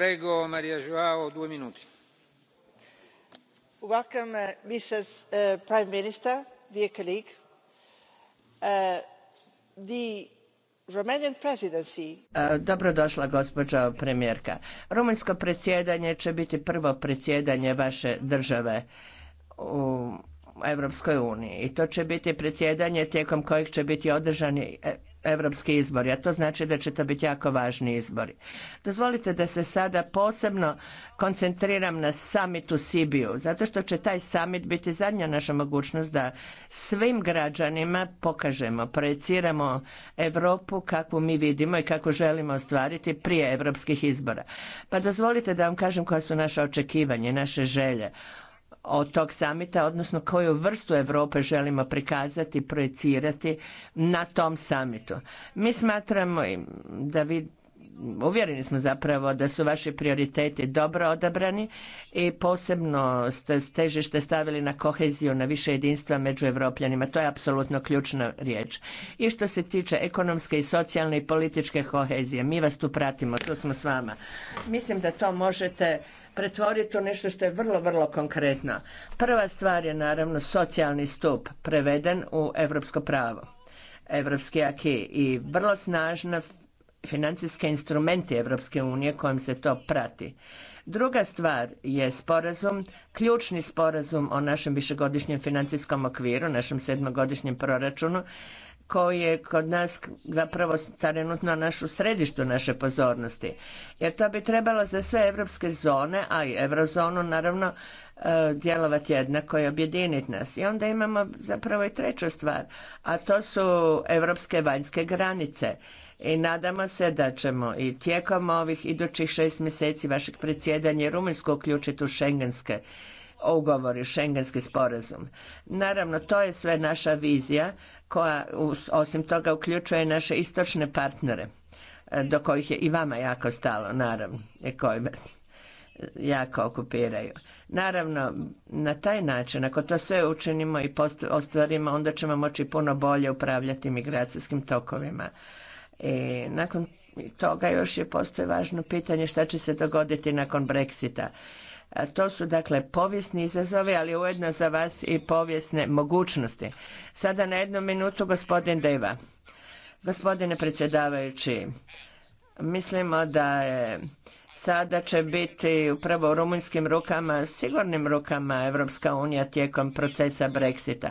Prego, Maria uh, uh, Prime Minister, dear uh, e, Dobrodošla gospođo premijerka. Rumunjsko predsjedanje će biti prvo predsjedanje vaše države u Europskoj uniji i to će biti predsjedanje tijekom kojeg će biti održani e, europski izbori, a to znači da će to biti jako važni izbori. Dozvolite da se sada posebno koncentriram na summit u Sibiju, zato što će taj summit biti zadnja naša mogućnost da svim građanima pokažemo, projeciramo Europu kakvu mi vidimo i kako želimo ostvariti prije europskih izbora. Pa dozvolite da vam kažem koja su naše očekivanja, naše želje od tog samita, odnosno koju vrstu Europe želimo prikazati, projecirati na tom samitu. Mi smatramo da vi uvjereni smo zapravo da su vaši prioriteti dobro odabrani i posebno ste težište stavili na koheziju, na više jedinstva među Evropljanima. To je apsolutno ključna riječ. I što se tiče ekonomske i socijalne i političke kohezije, mi vas tu pratimo, tu smo s vama. Mislim da to možete pretvoriti u nešto što je vrlo, vrlo konkretno. Prva stvar je naravno socijalni stup preveden u europsko pravo, europski aki i vrlo snažna financijske instrumenti Europske unije kojim se to prati. Druga stvar je sporazum, ključni sporazum o našem višegodišnjem financijskom okviru, našem sedmogodišnjem proračunu koji je kod nas zapravo trenutno našu središtu naše pozornosti. Jer to bi trebalo za sve evropske zone, a i eurozonu naravno, e, djelovati jednako i objediniti nas. I onda imamo zapravo i treću stvar, a to su evropske vanjske granice. I nadamo se da ćemo i tijekom ovih idućih šest mjeseci vašeg predsjedanja Rumunjsku uključiti u šengenske ugovori, šengenski sporazum. Naravno, to je sve naša vizija koja osim toga uključuje naše istočne partnere e, do kojih je i vama jako stalo, naravno, i koji vas jako okupiraju. Naravno, na taj način, ako to sve učinimo i ostvarimo, onda ćemo moći puno bolje upravljati migracijskim tokovima. I nakon toga još je postoje važno pitanje šta će se dogoditi nakon Brexita to su dakle povijesni izazovi, ali ujedno za vas i povijesne mogućnosti. Sada na jednu minutu gospodin Deva. Gospodine predsjedavajući, mislimo da je sada će biti upravo u rumunjskim rukama, sigurnim rukama Evropska unija tijekom procesa Brexita.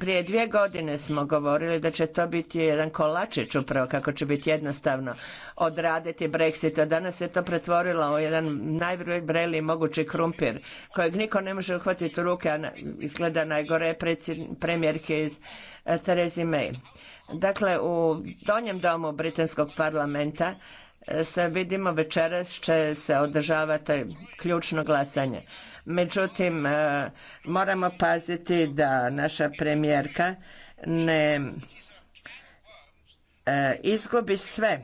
Prije dvije godine smo govorili da će to biti jedan kolačić upravo kako će biti jednostavno odraditi Brexit, danas se to pretvorilo u jedan najvreliji mogući krumpir kojeg niko ne može uhvatiti u ruke, a izgleda najgore premijerke Terezi May. Dakle, u donjem domu Britanskog parlamenta e, se vidimo večeras će se održavati ključno glasanje. Međutim, e, moramo paziti da naša premijerka ne e, izgubi sve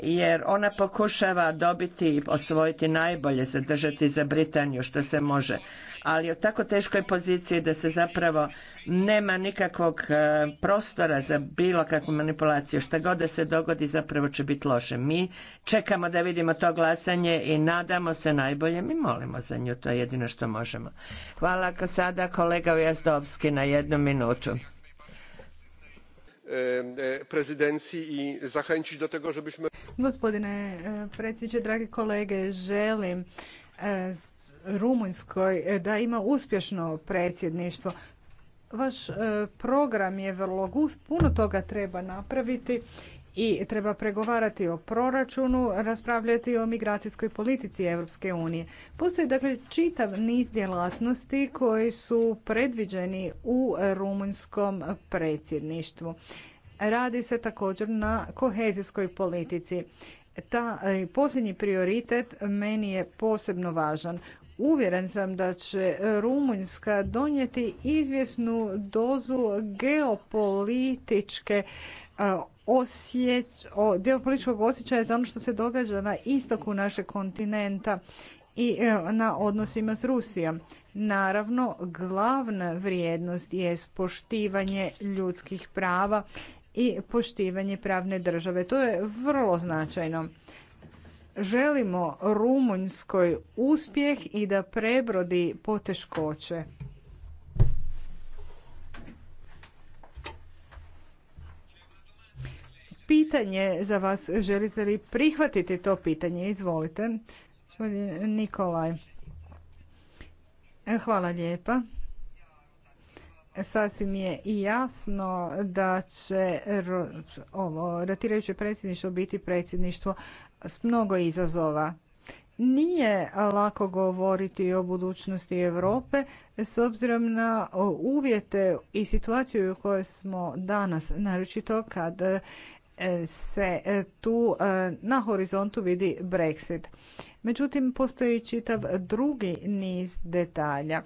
jer ona pokušava dobiti i osvojiti najbolje, zadržati za Britaniju što se može ali u tako teškoj poziciji da se zapravo nema nikakvog e, prostora za bilo kakvu manipulaciju. Šta god da se dogodi zapravo će biti loše. Mi čekamo da vidimo to glasanje i nadamo se najbolje. Mi molimo za nju, to je jedino što možemo. Hvala sada kolega Ujazdovski na jednu minutu e, e, i zachęcić do tego, żebyśmy... Gospodine predsjedniče, dragi kolege, želim Rumunjskoj e, da ima uspješno predsjedništvo. Vaš e, program je vrlo gust, puno toga treba napraviti i treba pregovarati o proračunu, raspravljati o migracijskoj politici Europske unije. Postoji dakle čitav niz djelatnosti koji su predviđeni u rumunjskom predsjedništvu. Radi se također na kohezijskoj politici ta e, posljednji prioritet meni je posebno važan. Uvjeren sam da će Rumunjska donijeti izvjesnu dozu geopolitičke e, osjeć, geopolitičkog osjećaja za ono što se događa na istoku našeg kontinenta i e, na odnosima s Rusijom. Naravno, glavna vrijednost je poštivanje ljudskih prava i poštivanje pravne države. To je vrlo značajno. Želimo Rumunjskoj uspjeh i da prebrodi poteškoće. Pitanje za vas, želite li prihvatiti to pitanje? Izvolite. Nikolaj. Hvala lijepa sasvim je jasno da će ovo rotirajuće predsjedništvo biti predsjedništvo s mnogo izazova. Nije lako govoriti o budućnosti Europe s obzirom na uvjete i situaciju u kojoj smo danas, naročito kad e, se e, tu e, na horizontu vidi Brexit. Međutim, postoji čitav drugi niz detalja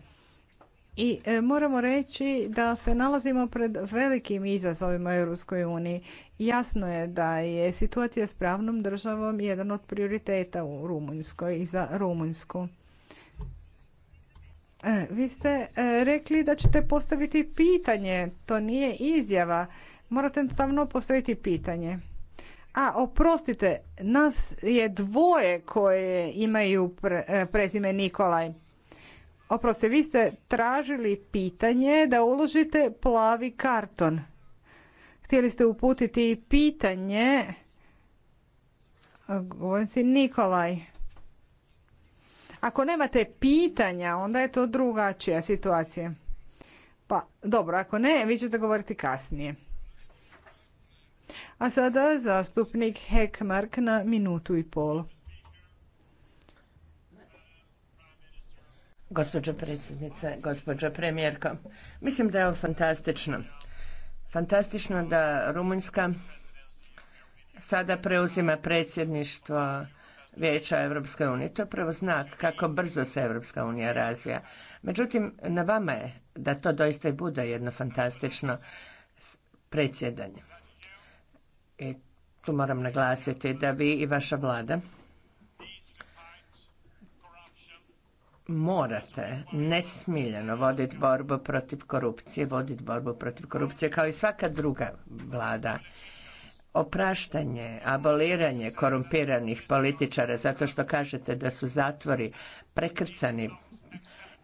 i e, moramo reći da se nalazimo pred velikim izazovima u Europskoj uniji. Jasno je da je situacija s pravnom državom jedan od prioriteta u Rumunjskoj i za Rumunjsku. E, vi ste e, rekli da ćete postaviti pitanje, to nije izjava. Morate samo postaviti pitanje. A, oprostite, nas je dvoje koje imaju prezime Nikolaj. Oprosti, vi ste tražili pitanje da uložite plavi karton. Htjeli ste uputiti pitanje govornici Nikolaj. Ako nemate pitanja, onda je to drugačija situacija. Pa dobro, ako ne, vi ćete govoriti kasnije. A sada zastupnik Hekmark na minutu i pol. gospođo predsjednice, gospođo premijerko. Mislim da je ovo fantastično. Fantastično da Rumunjska sada preuzima predsjedništvo Vijeća Europske unije. To je prvo znak kako brzo se Europska unija razvija. Međutim, na vama je da to doista i bude jedno fantastično predsjedanje. I tu moram naglasiti da vi i vaša vlada morate nesmiljeno voditi borbu protiv korupcije, voditi borbu protiv korupcije kao i svaka druga vlada. Opraštanje, aboliranje korumpiranih političara zato što kažete da su zatvori prekrcani,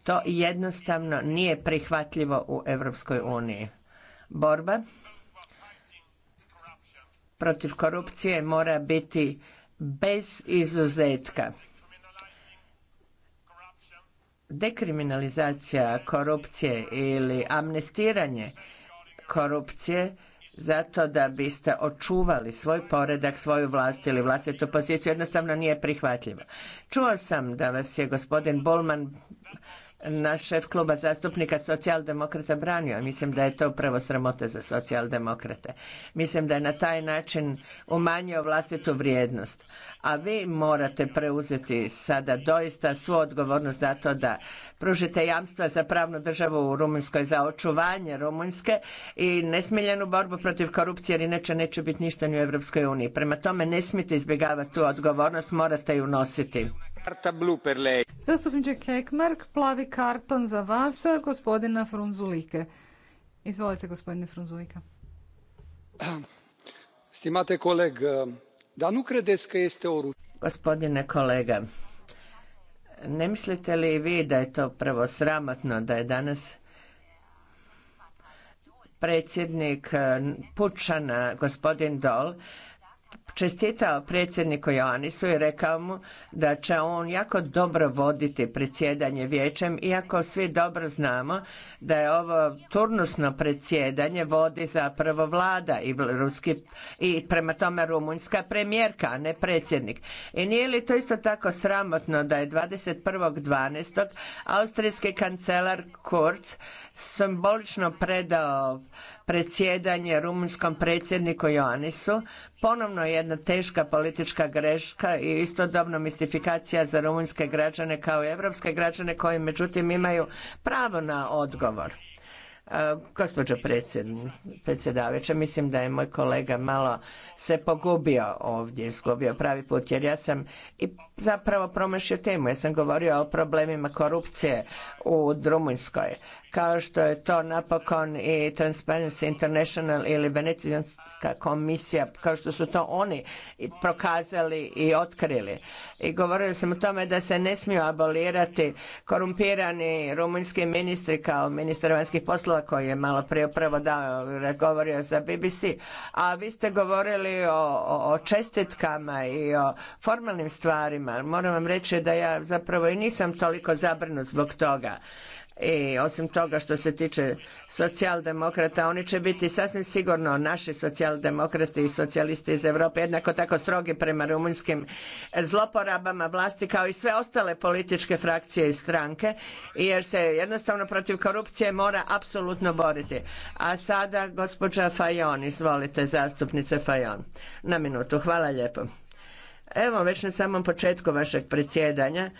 to jednostavno nije prihvatljivo u Europskoj uniji. Borba protiv korupcije mora biti bez izuzetka dekriminalizacija korupcije ili amnestiranje korupcije zato da biste očuvali svoj poredak, svoju vlast ili vlastitu poziciju jednostavno nije prihvatljivo. Čuo sam da vas je gospodin Bolman naš šef kluba zastupnika socijaldemokrata branio. Mislim da je to upravo sramota za socijaldemokrate. Mislim da je na taj način umanjio vlastitu vrijednost. A vi morate preuzeti sada doista svu odgovornost za to da pružite jamstva za pravnu državu u Rumunjskoj, za očuvanje Rumunjske i nesmiljenu borbu protiv korupcije, jer inače neće biti ništa ni u Europskoj uniji. Prema tome ne smijete izbjegavati tu odgovornost, morate ju nositi. Karta Zastupniče Hekmark, plavi karton za vas, gospodina Frunzulike. Izvolite, gospodine Frunzulika. Stimate coleg, da nu credeți că este o Gospodine kolega, ne mislite li vi da je to prvo sramotno da je danas predsjednik eh, Pučana, gospodin Dol, čestitao predsjedniku Joannisu i rekao mu da će on jako dobro voditi predsjedanje vijećem, iako svi dobro znamo da je ovo turnusno predsjedanje vodi zapravo vlada i, ruski, i prema tome rumunjska premijerka, a ne predsjednik. I nije li to isto tako sramotno da je 21.12. austrijski kancelar Kurz simbolično predao predsjedanje rumunskom predsjedniku Ioannisu, ponovno jedna teška politička greška i istodobno mistifikacija za rumunjske građane kao i europske građane koji međutim imaju pravo na odgovor. E, gospođo predsjedavajuća, mislim da je moj kolega malo se pogubio ovdje, izgubio pravi put, jer ja sam i zapravo promašio temu. Ja sam govorio o problemima korupcije u Rumunjskoj, kao što je to napokon i Transparency International ili Venecijanska komisija, kao što su to oni prokazali i otkrili. I govorili sam o tome da se ne smiju abolirati korumpirani rumunjski ministri kao ministar vanjskih poslova koji je malo prije upravo dao, govorio za BBC. A vi ste govorili o, o, o čestitkama i o formalnim stvarima. Moram vam reći da ja zapravo i nisam toliko zabrinut zbog toga i osim toga što se tiče socijaldemokrata oni će biti sasvim sigurno naši socijaldemokrati i socijalisti iz Europe jednako tako strogi prema rumunjskim zloporabama vlasti kao i sve ostale političke frakcije i stranke jer se jednostavno protiv korupcije mora apsolutno boriti. A sada gospođa Fajon, izvolite zastupnice Fajon. Na minutu. Hvala lijepo. Evo već na samom početku vašeg predsjedanja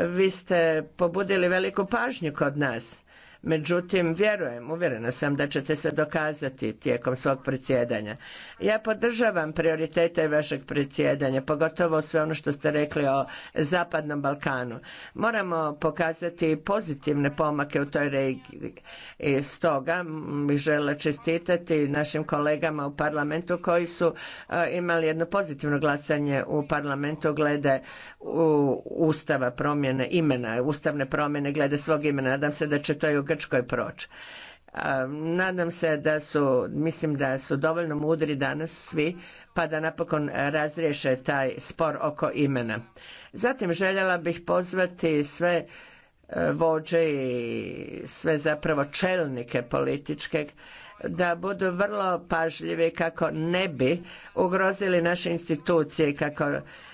vi ste pobudili veliku pažnju kod nas Međutim, vjerujem, uvjerena sam da ćete se dokazati tijekom svog predsjedanja. Ja podržavam prioritete vašeg predsjedanja, pogotovo sve ono što ste rekli o Zapadnom Balkanu. Moramo pokazati pozitivne pomake u toj regiji. stoga bih žele čestitati našim kolegama u parlamentu koji su e, imali jedno pozitivno glasanje u parlamentu glede ustava promjene imena, ustavne promjene glede svog imena. Nadam se da će to i u Grčkoj proći. Nadam se da su, mislim da su dovoljno mudri danas svi pa da napokon razriješe taj spor oko imena. Zatim željela bih pozvati sve e, vođe i sve zapravo čelnike političke da budu vrlo pažljivi kako ne bi ugrozili naše institucije i kako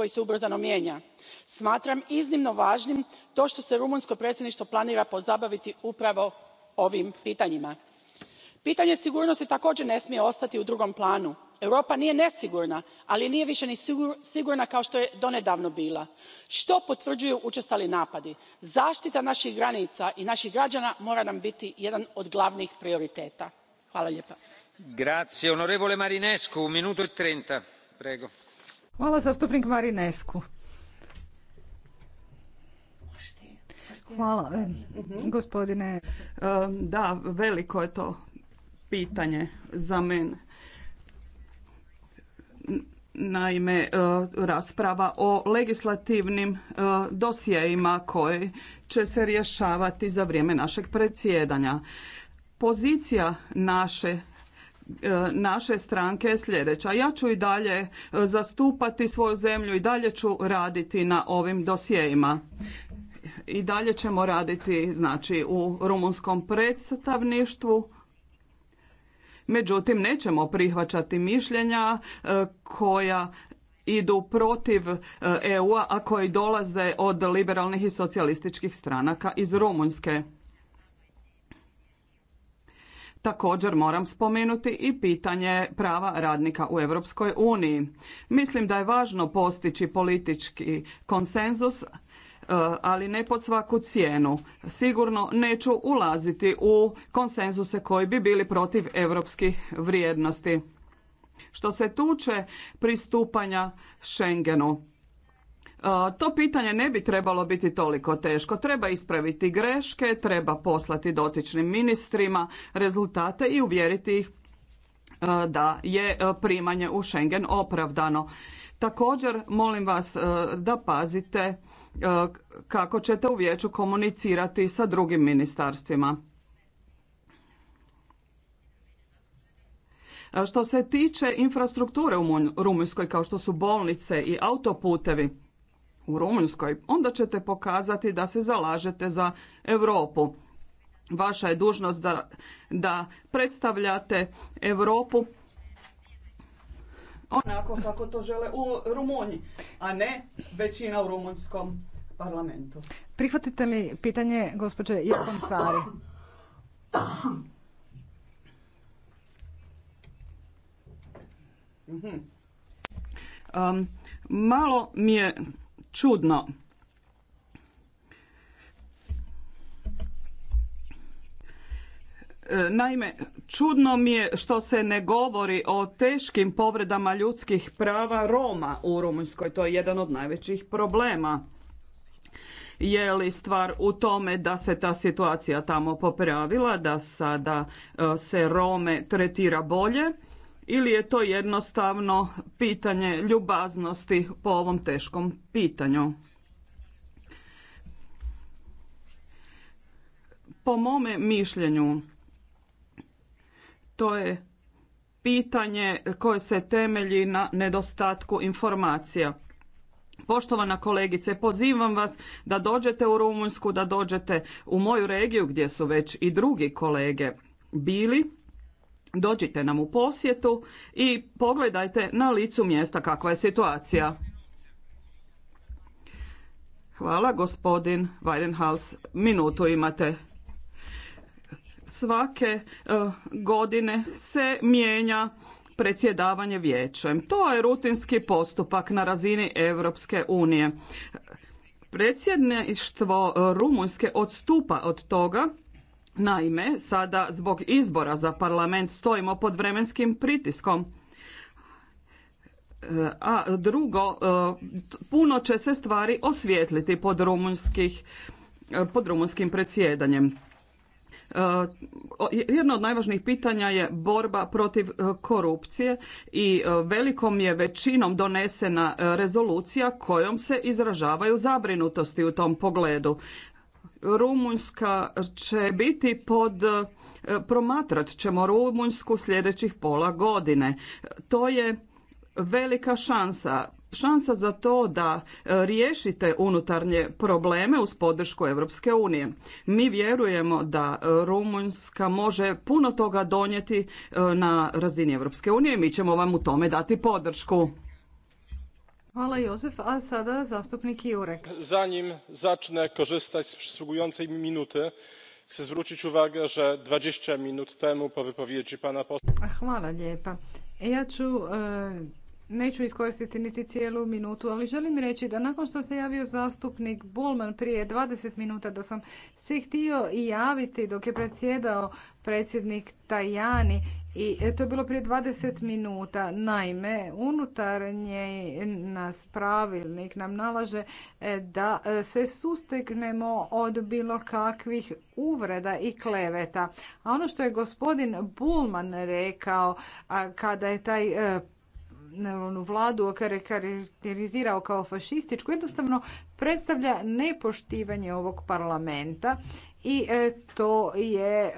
koji se ubrzano mijenja. smatram iznimno važnim to što se rumunjsko predsjedništvo planira pozabaviti upravo ovim pitanjima. pitanje sigurnosti također ne smije ostati u drugom planu. europa nije nesigurna ali nije više ni sigurna kao što je donedavno bila što potvrđuju učestali napadi. zaštita naših granica i naših građana mora nam biti jedan od glavnih prioriteta. hvala lijepa. Hvala zastupnik Marinesku. Hvala gospodine. Da, veliko je to pitanje za mene. Naime, e, rasprava o legislativnim e, dosjejima koji će se rješavati za vrijeme našeg predsjedanja. Pozicija naše E, naše stranke je sljedeća. Ja ću i dalje e, zastupati svoju zemlju i dalje ću raditi na ovim dosjejima. I dalje ćemo raditi znači u rumunskom predstavništvu. Međutim, nećemo prihvaćati mišljenja e, koja idu protiv EU-a, a koji dolaze od liberalnih i socijalističkih stranaka iz Rumunjske. Također moram spomenuti i pitanje prava radnika u Europskoj uniji. Mislim da je važno postići politički konsenzus e, ali ne pod svaku cijenu. Sigurno neću ulaziti u konsenzuse koji bi bili protiv europskih vrijednosti. Što se tuče pristupanja Schengenu, to pitanje ne bi trebalo biti toliko teško. Treba ispraviti greške, treba poslati dotičnim ministrima rezultate i uvjeriti ih da je primanje u Schengen opravdano. Također molim vas da pazite kako ćete u vijeću komunicirati sa drugim ministarstvima. Što se tiče infrastrukture u Rumunjskoj kao što su bolnice i autoputevi, u Rumunjskoj, onda ćete pokazati da se zalažete za Europu. Vaša je dužnost da predstavljate Europu onako kako to žele u Rumunji, a ne većina u rumunjskom parlamentu. Prihvatite mi pitanje gospođe Sari? Um, malo mi je čudno. E, naime, čudno mi je što se ne govori o teškim povredama ljudskih prava Roma u Rumunjskoj. To je jedan od najvećih problema. Je li stvar u tome da se ta situacija tamo popravila, da sada e, se Rome tretira bolje? ili je to jednostavno pitanje ljubaznosti po ovom teškom pitanju? Po mome mišljenju, to je pitanje koje se temelji na nedostatku informacija. Poštovana kolegice, pozivam vas da dođete u Rumunjsku, da dođete u moju regiju gdje su već i drugi kolege bili Dođite nam u posjetu i pogledajte na licu mjesta kakva je situacija. Hvala gospodin Weidenhals. Minutu imate. Svake eh, godine se mijenja predsjedavanje vijećem. To je rutinski postupak na razini Europske unije. Predsjedništvo Rumunjske odstupa od toga Naime, sada zbog izbora za parlament stojimo pod vremenskim pritiskom. E, a drugo, e, puno će se stvari osvijetliti pod, e, rumunskim predsjedanjem. Jedno od najvažnijih pitanja je borba protiv korupcije i velikom je većinom donesena rezolucija kojom se izražavaju zabrinutosti u tom pogledu. Rumunjska će biti pod e, promatrat ćemo Rumunjsku sljedećih pola godine. To je velika šansa. Šansa za to da e, riješite unutarnje probleme uz podršku Europske unije. Mi vjerujemo da Rumunjska može puno toga donijeti e, na razini Europske unije i mi ćemo vam u tome dati podršku. Zanim zacznę korzystać z przysługującej mi minuty, chcę zwrócić uwagę, że 20 minut temu po wypowiedzi pana posła... Neću iskoristiti niti cijelu minutu, ali želim reći da nakon što se javio zastupnik Bulman prije 20 minuta da sam se htio i javiti dok je predsjedao predsjednik Tajani i to je bilo prije 20 minuta. Naime, unutarnje nas pravilnik nam nalaže e, da e, se sustegnemo od bilo kakvih uvreda i kleveta. A ono što je gospodin Bulman rekao kada je taj e, onu vladu karakterizirao kao fašističku jednostavno predstavlja nepoštivanje ovog parlamenta i e, to je e,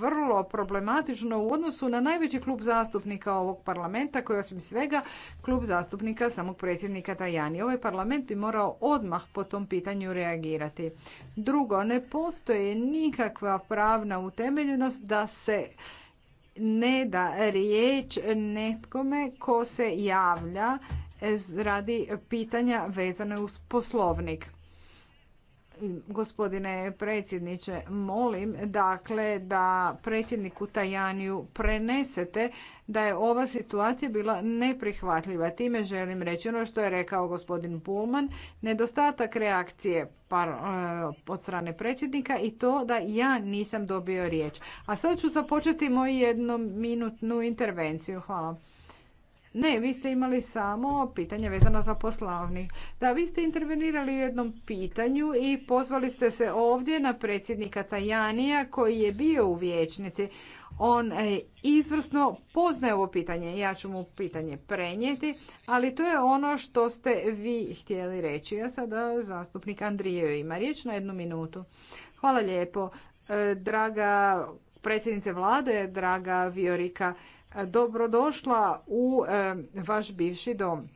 vrlo problematično u odnosu na najveći klub zastupnika ovog parlamenta koji je osim svega klub zastupnika samog predsjednika Tajani. Ovaj parlament bi morao odmah po tom pitanju reagirati. Drugo, ne postoji nikakva pravna utemeljenost da se ne da riječ nekome ko se javlja radi pitanja vezane uz poslovnik gospodine predsjedniče. Molim dakle da predsjedniku Tajaniju prenesete da je ova situacija bila neprihvatljiva. Time želim reći ono što je rekao gospodin Pullman, nedostatak reakcije par, e, od strane predsjednika i to da ja nisam dobio riječ. A sad ću započeti moju jednominutnu intervenciju. Hvala. Ne, vi ste imali samo pitanje vezano za Poslovnik. Da, vi ste intervenirali u jednom pitanju i pozvali ste se ovdje na predsjednika Tajanija koji je bio u vijećnici. On e, izvrsno poznaje ovo pitanje. Ja ću mu pitanje prenijeti, ali to je ono što ste vi htjeli reći. Ja sada zastupnik andrije ima riječ na jednu minutu. Hvala lijepo. E, draga predsjednice vlade, draga Viorika, E, dobrodošla u e, vaš bivši dom.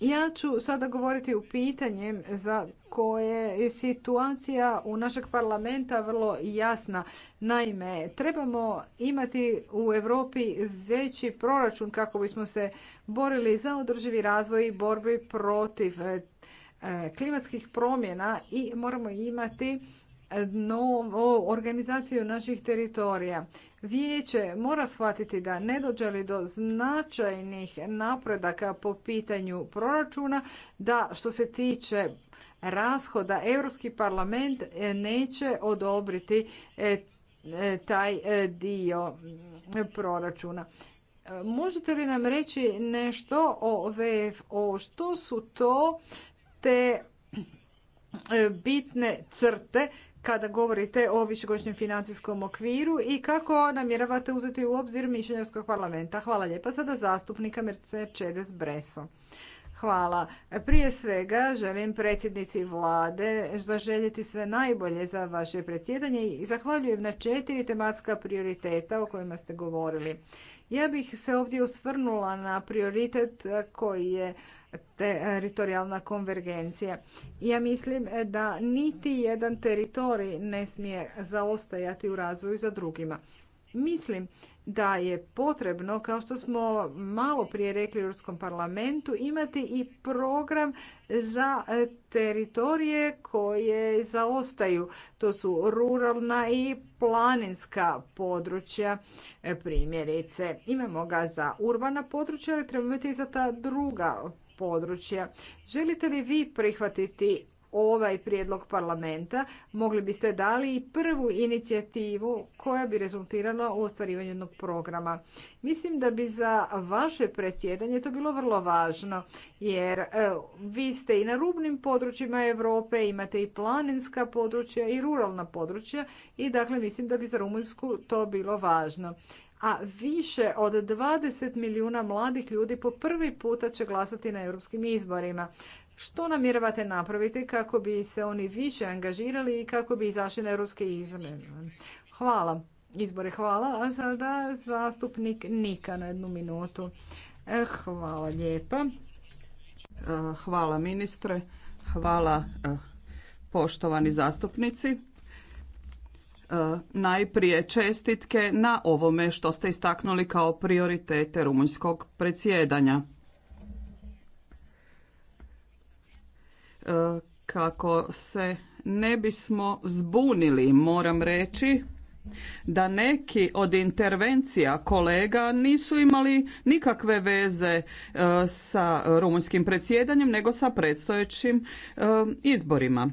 Ja ću sada govoriti u pitanjem za koje je situacija u našeg parlamenta vrlo jasna. Naime, trebamo imati u Europi veći proračun kako bismo se borili za održivi razvoj i borbi protiv e, klimatskih promjena i moramo imati o organizaciju naših teritorija. Vijeće mora shvatiti da ne dođe li do značajnih napredaka po pitanju proračuna, da što se tiče rashoda Europski parlament e, neće odobriti e, e, taj dio mm, proračuna. Možete li nam reći nešto o VFO? Što su to te bitne crte kada govorite o višegodišnjem financijskom okviru i kako namjeravate uzeti u obzir mišljenje parlamenta. Hvala lijepa. Sada zastupnika Mercedes Breso. Hvala. Prije svega želim predsjednici vlade zaželjeti sve najbolje za vaše predsjedanje i zahvaljujem na četiri tematska prioriteta o kojima ste govorili. Ja bih se ovdje usvrnula na prioritet koji je E, teritorijalna konvergencija. Ja mislim e, da niti jedan teritorij ne smije zaostajati u razvoju za drugima. Mislim da je potrebno, kao što smo malo prije rekli u Europskom parlamentu, imati i program za e, teritorije koje zaostaju. To su ruralna i planinska područja primjerice. Imamo ga za urbana područja, ali trebamo imati i za ta druga područja. Želite li vi prihvatiti ovaj prijedlog parlamenta, mogli biste dali i prvu inicijativu koja bi rezultirala u ostvarivanju jednog programa. Mislim da bi za vaše predsjedanje to bilo vrlo važno, jer e, vi ste i na rubnim područjima Europe, imate i planinska područja i ruralna područja i dakle mislim da bi za Rumunjsku to bilo važno a više od 20 milijuna mladih ljudi po prvi puta će glasati na europskim izborima. Što namjeravate napraviti kako bi se oni više angažirali i kako bi izašli na europske izbore? Hvala. Izbore hvala, a sada zastupnik Nika na jednu minutu. E, hvala lijepa. E, hvala ministre, hvala e, poštovani zastupnici. E, najprije čestitke na ovome što ste istaknuli kao prioritete rumunjskog predsjedanja. E, kako se ne bismo zbunili, moram reći da neki od intervencija kolega nisu imali nikakve veze e, sa rumunjskim predsjedanjem nego sa predstojećim izborima.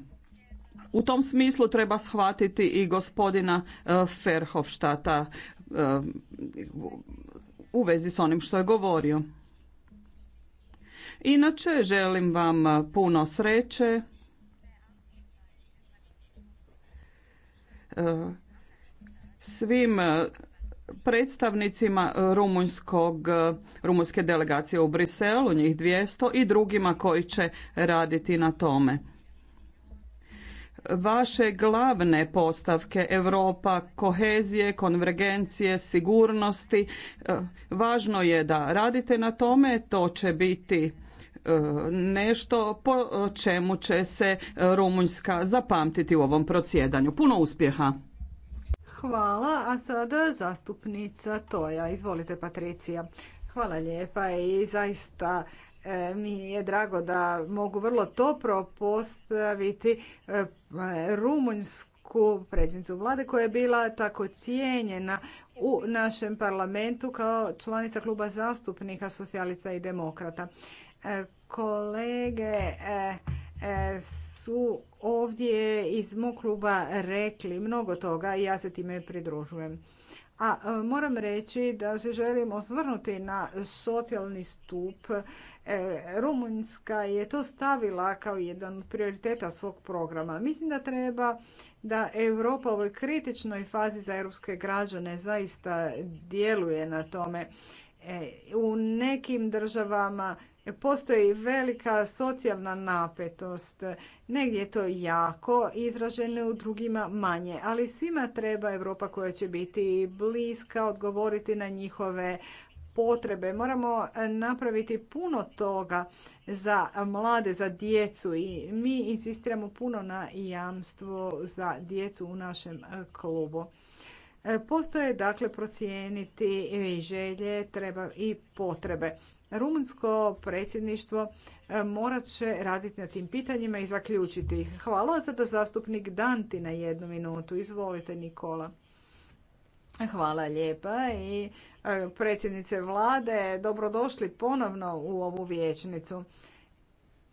U tom smislu treba shvatiti i gospodina e, Ferhofštata e, u vezi s onim što je govorio. Inače, želim vam puno sreće. E, svim predstavnicima rumunjskog, rumunjske delegacije u Briselu, njih 200, i drugima koji će raditi na tome vaše glavne postavke Europa, kohezije, konvergencije, sigurnosti. E, važno je da radite na tome, to će biti e, nešto po čemu će se Rumunjska zapamtiti u ovom procjedanju. Puno uspjeha! Hvala, a sada zastupnica Toja. Izvolite, Patricija. Hvala lijepa i zaista E, mi je drago da mogu vrlo to postaviti e, rumunjsku predsjednicu vlade koja je bila tako cijenjena u našem parlamentu kao članica kluba zastupnika socijalista i demokrata. E, kolege su ovdje iz mog kluba rekli mnogo toga i ja se time pridružujem. A e, moram reći da se želim osvrnuti na socijalni stup. E, Rumunjska je to stavila kao jedan od prioriteta svog programa. Mislim da treba da Europa u ovoj kritičnoj fazi za europske građane zaista djeluje na tome. E, u nekim državama postoji velika socijalna napetost. Negdje je to jako izraženo, u drugima manje. Ali svima treba Evropa koja će biti bliska, odgovoriti na njihove potrebe. Moramo napraviti puno toga za mlade, za djecu i mi insistiramo puno na jamstvo za djecu u našem klubu. Postoje dakle procijeniti i želje treba i potrebe. Rumunsko predsjedništvo e, morat će raditi na tim pitanjima i zaključiti ih. Hvala sada zastupnik Danti na jednu minutu. Izvolite Nikola. Hvala lijepa i e, predsjednice vlade, dobrodošli ponovno u ovu vječnicu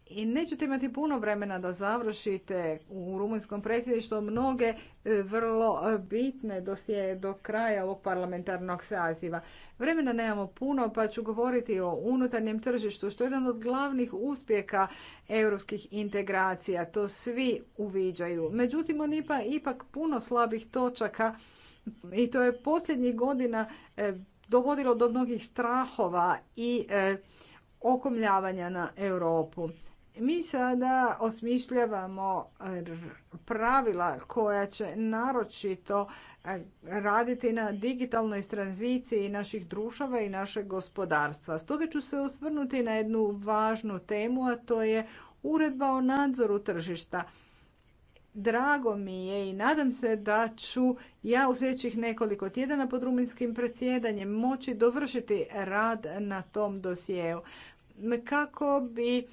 i nećete imati puno vremena da završite u rumunjskom predsjedništvu mnoge e, vrlo e, bitne dosije do kraja ovog parlamentarnog saziva. Vremena nemamo puno pa ću govoriti o unutarnjem tržištu što je jedan od glavnih uspjeha europskih integracija. To svi uviđaju. Međutim, on ima ipak puno slabih točaka i to je posljednjih godina e, dovodilo do mnogih strahova i okomljavanja na Europu. Mi sada osmišljavamo eh, pravila koja će naročito eh, raditi na digitalnoj tranziciji naših društava i našeg gospodarstva. Stoga ću se osvrnuti na jednu važnu temu, a to je uredba o nadzoru tržišta. Drago mi je i nadam se da ću ja u sljedećih nekoliko tjedana pod ruminskim predsjedanjem moći dovršiti rad na tom dosjeu kako bi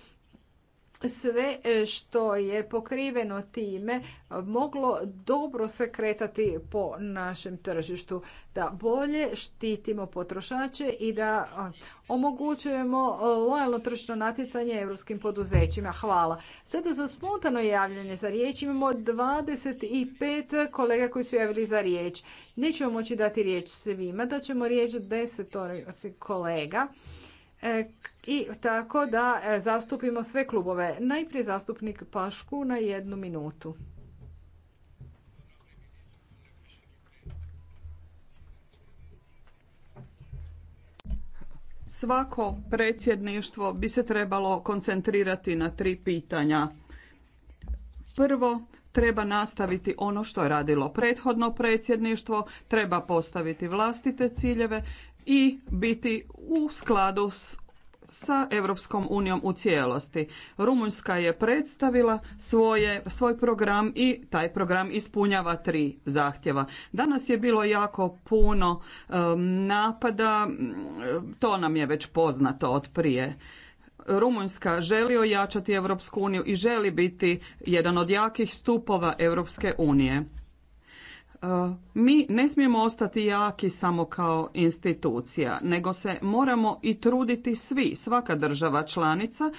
sve e, što je pokriveno time moglo dobro se kretati po našem tržištu, da bolje štitimo potrošače i da omogućujemo e, lojalno tržišno natjecanje europskim poduzećima. Hvala. Sada za spontano javljanje za riječ imamo 25 kolega koji su javili za riječ. Nećemo moći dati riječ svima, da ćemo riječ deset kolega E, i tako da e, zastupimo sve klubove. Najprije zastupnik Pašku na jednu minutu. Svako predsjedništvo bi se trebalo koncentrirati na tri pitanja. Prvo, treba nastaviti ono što je radilo prethodno predsjedništvo, treba postaviti vlastite ciljeve i biti u skladu s sa Europskom unijom u cijelosti. Rumunjska je predstavila svoje, svoj program i taj program ispunjava tri zahtjeva. Danas je bilo jako puno um, napada, mm, to nam je već poznato od prije. Rumunjska želi ojačati Europsku uniju i želi biti jedan od jakih stupova Europske unije. E, mi ne smijemo ostati jaki samo kao institucija, nego se moramo i truditi svi, svaka država članica,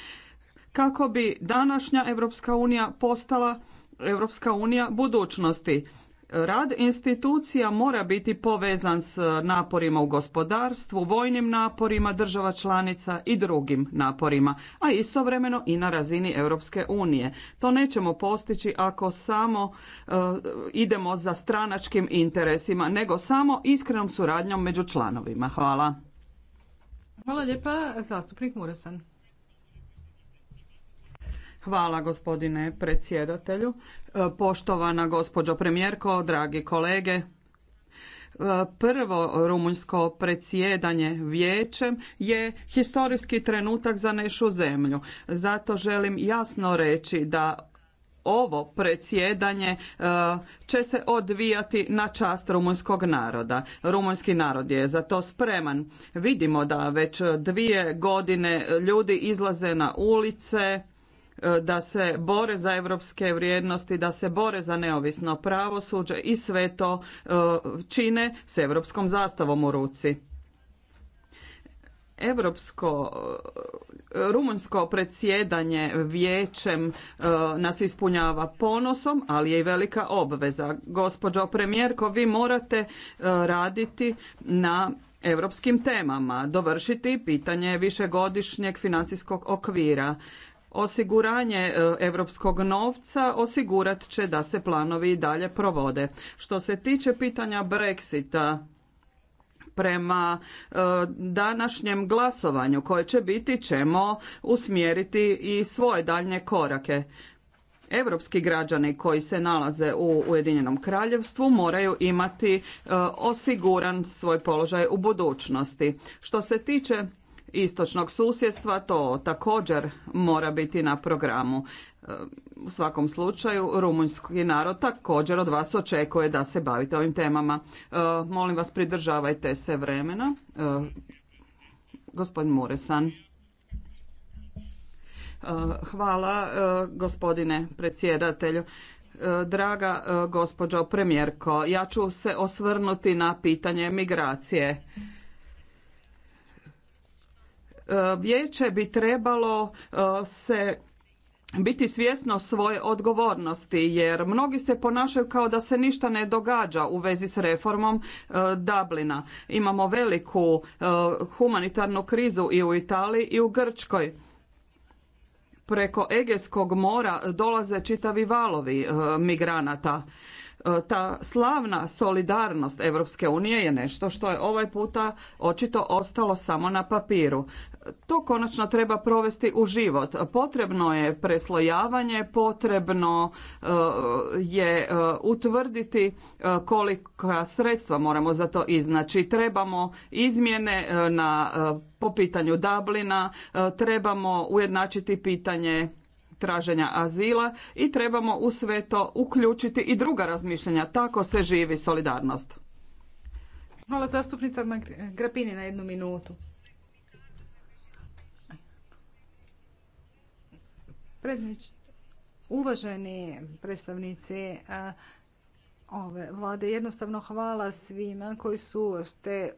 kako bi današnja Europska unija postala Europska unija budućnosti. Rad institucija mora biti povezan s naporima u gospodarstvu, vojnim naporima država članica i drugim naporima, a istovremeno i na razini Europske unije. To nećemo postići ako samo e, idemo za stranačkim interesima, nego samo iskrenom suradnjom među članovima. Hvala. Hvala lijepa, zastupnik Muresan. Hvala gospodine predsjedatelju. E, poštovana gospođo premijerko, dragi kolege, e, prvo rumunjsko predsjedanje vijećem je historijski trenutak za našu zemlju. Zato želim jasno reći da ovo predsjedanje e, će se odvijati na čast rumunjskog naroda. Rumunjski narod je za to spreman. Vidimo da već dvije godine ljudi izlaze na ulice, E, da se bore za europske vrijednosti, da se bore za neovisno pravosuđe i sve to e, čine s europskom zastavom u ruci. Evropsko, e, rumunsko predsjedanje vijećem nas ispunjava ponosom, ali je i velika obveza. Gospođo premijerko, vi morate raditi na europskim temama, dovršiti pitanje višegodišnjeg financijskog okvira. Osiguranje europskog novca osigurat će da se planovi i dalje provode. Što se tiče pitanja Brexita, prema e, današnjem glasovanju koje će biti ćemo usmjeriti i svoje daljnje korake. Europski građani koji se nalaze u Ujedinjenom kraljevstvu moraju imati e, osiguran svoj položaj u budućnosti. Što se tiče istočnog susjedstva, to također mora biti na programu. E, u svakom slučaju, rumunjski narod također od vas očekuje da se bavite ovim temama. E, molim vas, pridržavajte se vremena. E, gospodin Muresan. Hvala, gospodine predsjedatelju. Draga gospođo premijerko, ja ću se osvrnuti na pitanje migracije vijeće bi trebalo e, se biti svjesno svoje odgovornosti jer mnogi se ponašaju kao da se ništa ne događa u vezi s reformom e, Dublina. Imamo veliku e, humanitarnu krizu i u Italiji i u Grčkoj preko Egejskog mora dolaze čitavi valovi migranata. ta slavna solidarnost Europske unije je nešto što je ovaj puta očito ostalo samo na papiru to konačno treba provesti u život. Potrebno je preslojavanje, potrebno e, je e, utvrditi e, kolika sredstva moramo za to iznaći. Trebamo izmjene na, po pitanju Dublina, trebamo ujednačiti pitanje traženja azila i trebamo u sve to uključiti i druga razmišljanja. Tako se živi solidarnost. Hvala zastupnica Grapini na jednu minutu. Uvaženi predstavnici ove vlade, jednostavno hvala svima koji su ste e,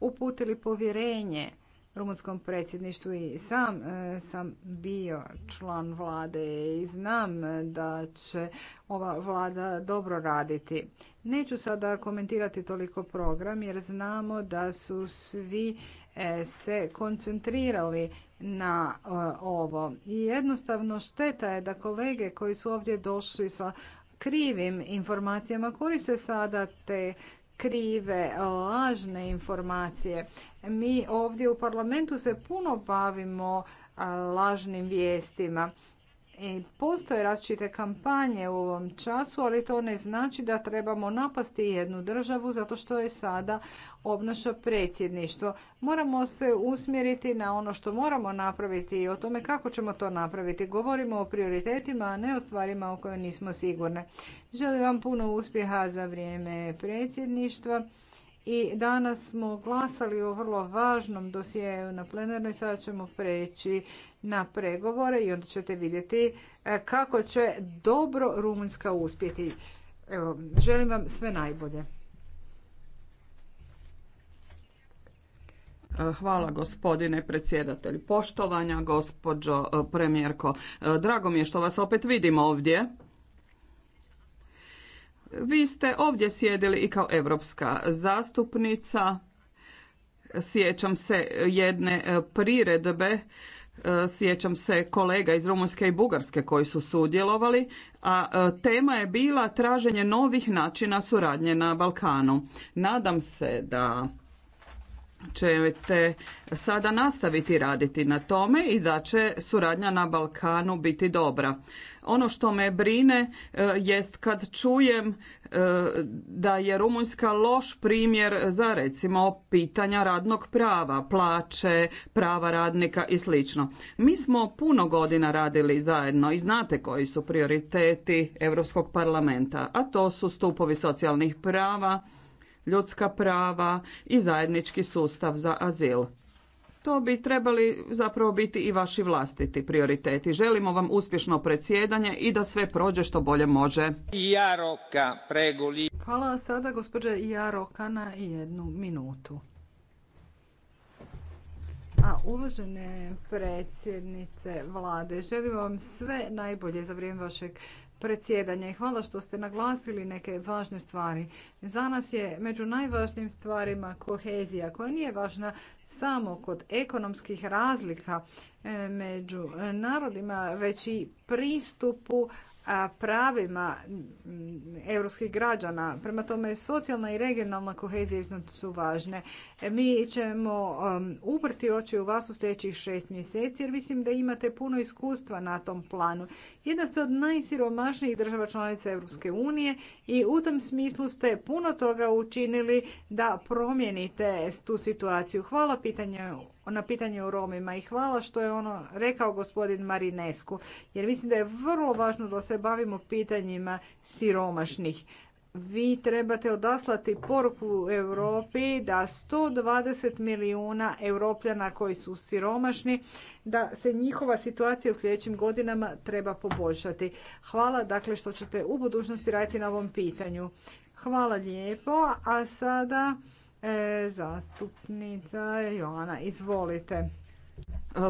uputili povjerenje rumunskom predsjedništvu i sam e, sam bio član vlade i znam e, da će ova vlada dobro raditi. Neću sada komentirati toliko program jer znamo da su svi e, se koncentrirali na ovo. I jednostavno šteta je da kolege koji su ovdje došli sa krivim informacijama koriste sada te krive, lažne informacije. Mi ovdje u parlamentu se puno bavimo lažnim vijestima E, postoje različite kampanje u ovom času, ali to ne znači da trebamo napasti jednu državu zato što je sada obnaša predsjedništvo. Moramo se usmjeriti na ono što moramo napraviti i o tome kako ćemo to napraviti. Govorimo o prioritetima, a ne o stvarima o kojoj nismo sigurne. Želim vam puno uspjeha za vrijeme predsjedništva. I danas smo glasali o vrlo važnom dosjeu na plenarnoj, sada ćemo preći na pregovore i onda ćete vidjeti e, kako će dobro Rumunjska uspjeti. Evo, želim vam sve najbolje. E, hvala gospodine predsjedatelj. Poštovanja gospođo e, premijerko. Drago mi je što vas opet vidimo ovdje. Vi ste ovdje sjedili i kao europska zastupnica. Sjećam se jedne priredbe E, sjećam se kolega iz Rumunjske i Bugarske koji su sudjelovali, a e, tema je bila traženje novih načina suradnje na Balkanu. Nadam se da ćete sada nastaviti raditi na tome i da će suradnja na Balkanu biti dobra. Ono što me brine e, jest kad čujem e, da je Rumunjska loš primjer za recimo pitanja radnog prava, plaće, prava radnika i sl. Mi smo puno godina radili zajedno i znate koji su prioriteti Europskog parlamenta, a to su stupovi socijalnih prava, ljudska prava i zajednički sustav za azil. To bi trebali zapravo biti i vaši vlastiti prioriteti. Želimo vam uspješno predsjedanje i da sve prođe što bolje može. Jaroka, preguli. Hvala sada ja Jaroka na jednu minutu. A uvažene predsjednice vlade, želim vam sve najbolje za vrijeme vašeg predsjedanja i hvala što ste naglasili neke važne stvari. Za nas je među najvažnijim stvarima kohezija koja nije važna samo kod ekonomskih razlika e, među narodima, već i pristupu pravima mm, europskih građana. Prema tome, socijalna i regionalna kohezija iznad su važne. E, mi ćemo ubrti um, oči u vas u sljedećih šest mjeseci jer mislim da imate puno iskustva na tom planu. Jedna ste od najsiromašnijih država članica Europske unije i u tom smislu ste puno toga učinili da promijenite tu situaciju. Hvala pitanju na pitanje o Romima i hvala što je ono rekao gospodin Marinescu. jer mislim da je vrlo važno da se bavimo pitanjima siromašnih. Vi trebate odaslati poruku u Europi da 120 milijuna europljana koji su siromašni, da se njihova situacija u sljedećim godinama treba poboljšati. Hvala dakle što ćete u budućnosti raditi na ovom pitanju. Hvala lijepo, a sada E, zastupnica Joana, izvolite. E,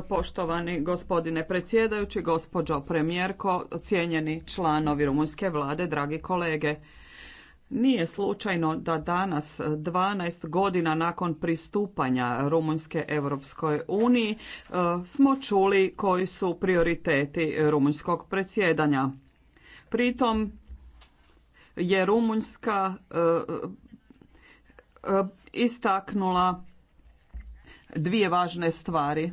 poštovani gospodine predsjedajući, gospođo premijerko, cijenjeni članovi rumunjske vlade, dragi kolege. Nije slučajno da danas 12 godina nakon pristupanja Rumunjske Europskoj uniji e, smo čuli koji su prioriteti rumunjskog predsjedanja. Pritom je Rumunjska Eh, istaknula dvije važne stvari.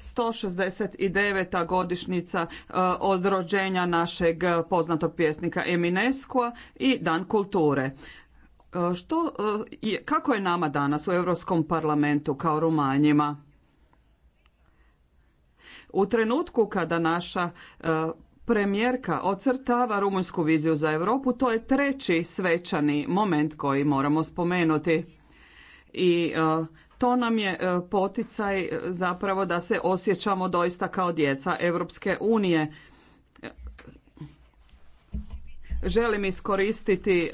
169. godišnjica eh, od rođenja našeg poznatog pjesnika eminescua i Dan kulture. Eh, što, kako je nama danas u Europskom parlamentu kao Rumanjima? U trenutku kada naša premijerka ocrtava rumunjsku viziju za Europu, to je treći svečani moment koji moramo spomenuti. I e, to nam je e, poticaj e, zapravo da se osjećamo doista kao djeca Europske unije. Želim iskoristiti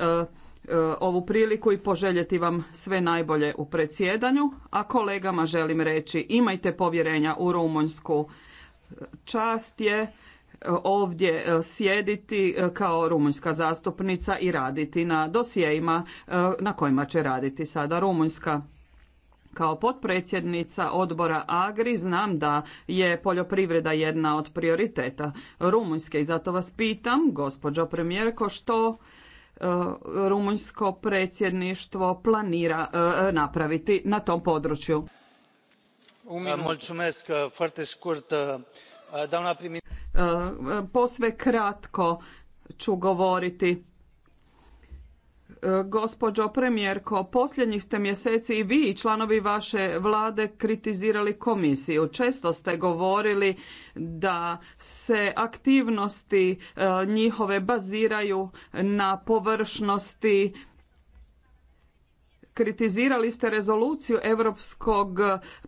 ovu priliku i poželjeti vam sve najbolje u predsjedanju, a kolegama želim reći imajte povjerenja u Rumunjsku. Čast je ovdje e, sjediti e, kao rumunjska zastupnica i raditi na dosjejima e, na kojima će raditi sada Rumunjska. Kao potpredsjednica odbora Agri znam da je poljoprivreda jedna od prioriteta Rumunjske i zato vas pitam, gospođo premijerko, što rumunjsko predsjedništvo planira napraviti na tom području. E, posve kratko ću govoriti. E, gospođo premijerko, posljednjih ste mjeseci i vi i članovi vaše vlade kritizirali komisiju. Često ste govorili da se aktivnosti e, njihove baziraju na površnosti, kritizirali ste rezoluciju Europskog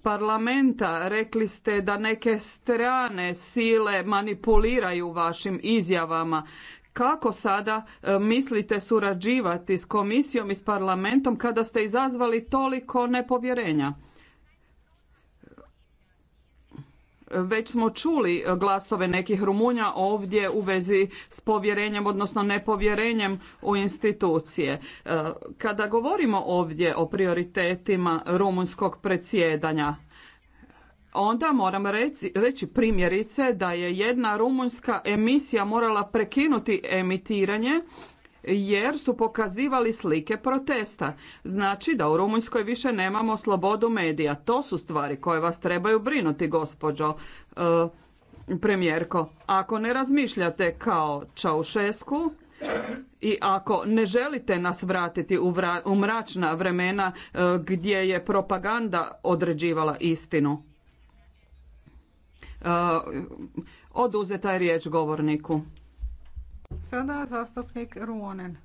parlamenta, rekli ste da neke strane sile manipuliraju vašim izjavama. Kako sada e, mislite surađivati s komisijom i s parlamentom kada ste izazvali toliko nepovjerenja? Već smo čuli glasove nekih Rumunja ovdje u vezi s povjerenjem, odnosno nepovjerenjem u institucije. E, kada govorimo ovdje o prioritetima rumunskog predsjedanja, onda moram reći, reći primjerice da je jedna rumunjska emisija morala prekinuti emitiranje jer su pokazivali slike protesta. Znači da u Rumunjskoj više nemamo slobodu medija. To su stvari koje vas trebaju brinuti, gospođo e, premijerko. Ako ne razmišljate kao Čaušesku, i ako ne želite nas vratiti u, mračna vremena e, gdje je propaganda određivala istinu. E, oduzeta je riječ govorniku. Sada zastupnik Ruonen.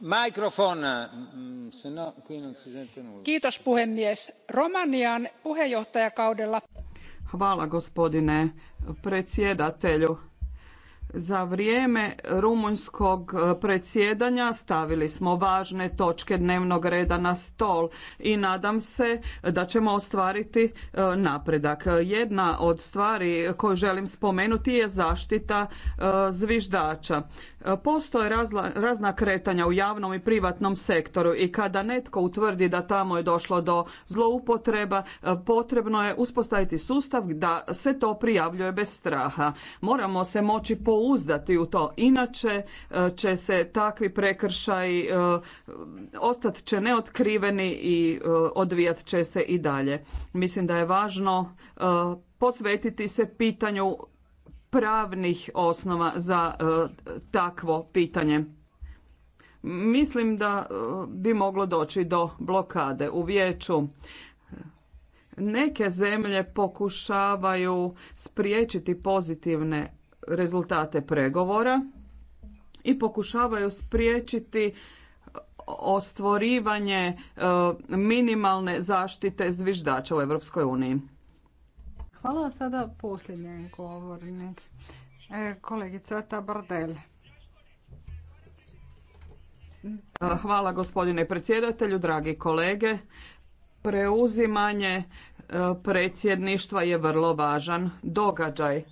Mm, mm, Kiitos puhemies. Romanian puheenjohtajakaudella... Hvala gospodine predsjedatelju za vrijeme rumunjskog e, predsjedanja stavili smo važne točke dnevnog reda na stol i nadam se da ćemo ostvariti e, napredak. Jedna od stvari koju želim spomenuti je zaštita e, zviždača. E, postoje razna kretanja u javnom i privatnom sektoru i kada netko utvrdi da tamo je došlo do zloupotreba, e, potrebno je uspostaviti sustav da se to prijavljuje bez straha. Moramo se moći pouzdati u to, inače e, će se takvi prekršaj ostat će neotkriveni i odvijat će se i dalje. Mislim da je važno posvetiti se pitanju pravnih osnova za e, takvo pitanje. Mislim da e, bi moglo doći do blokade u vijeću. Neke zemlje pokušavaju spriječiti pozitivne rezultate pregovora i pokušavaju spriječiti ostvorivanje e, minimalne zaštite zviždača u Europskoj uniji. Hvala sada posljednji govornik, e, kolegica Hvala gospodine predsjedatelju, dragi kolege. Preuzimanje e, predsjedništva je vrlo važan događaj.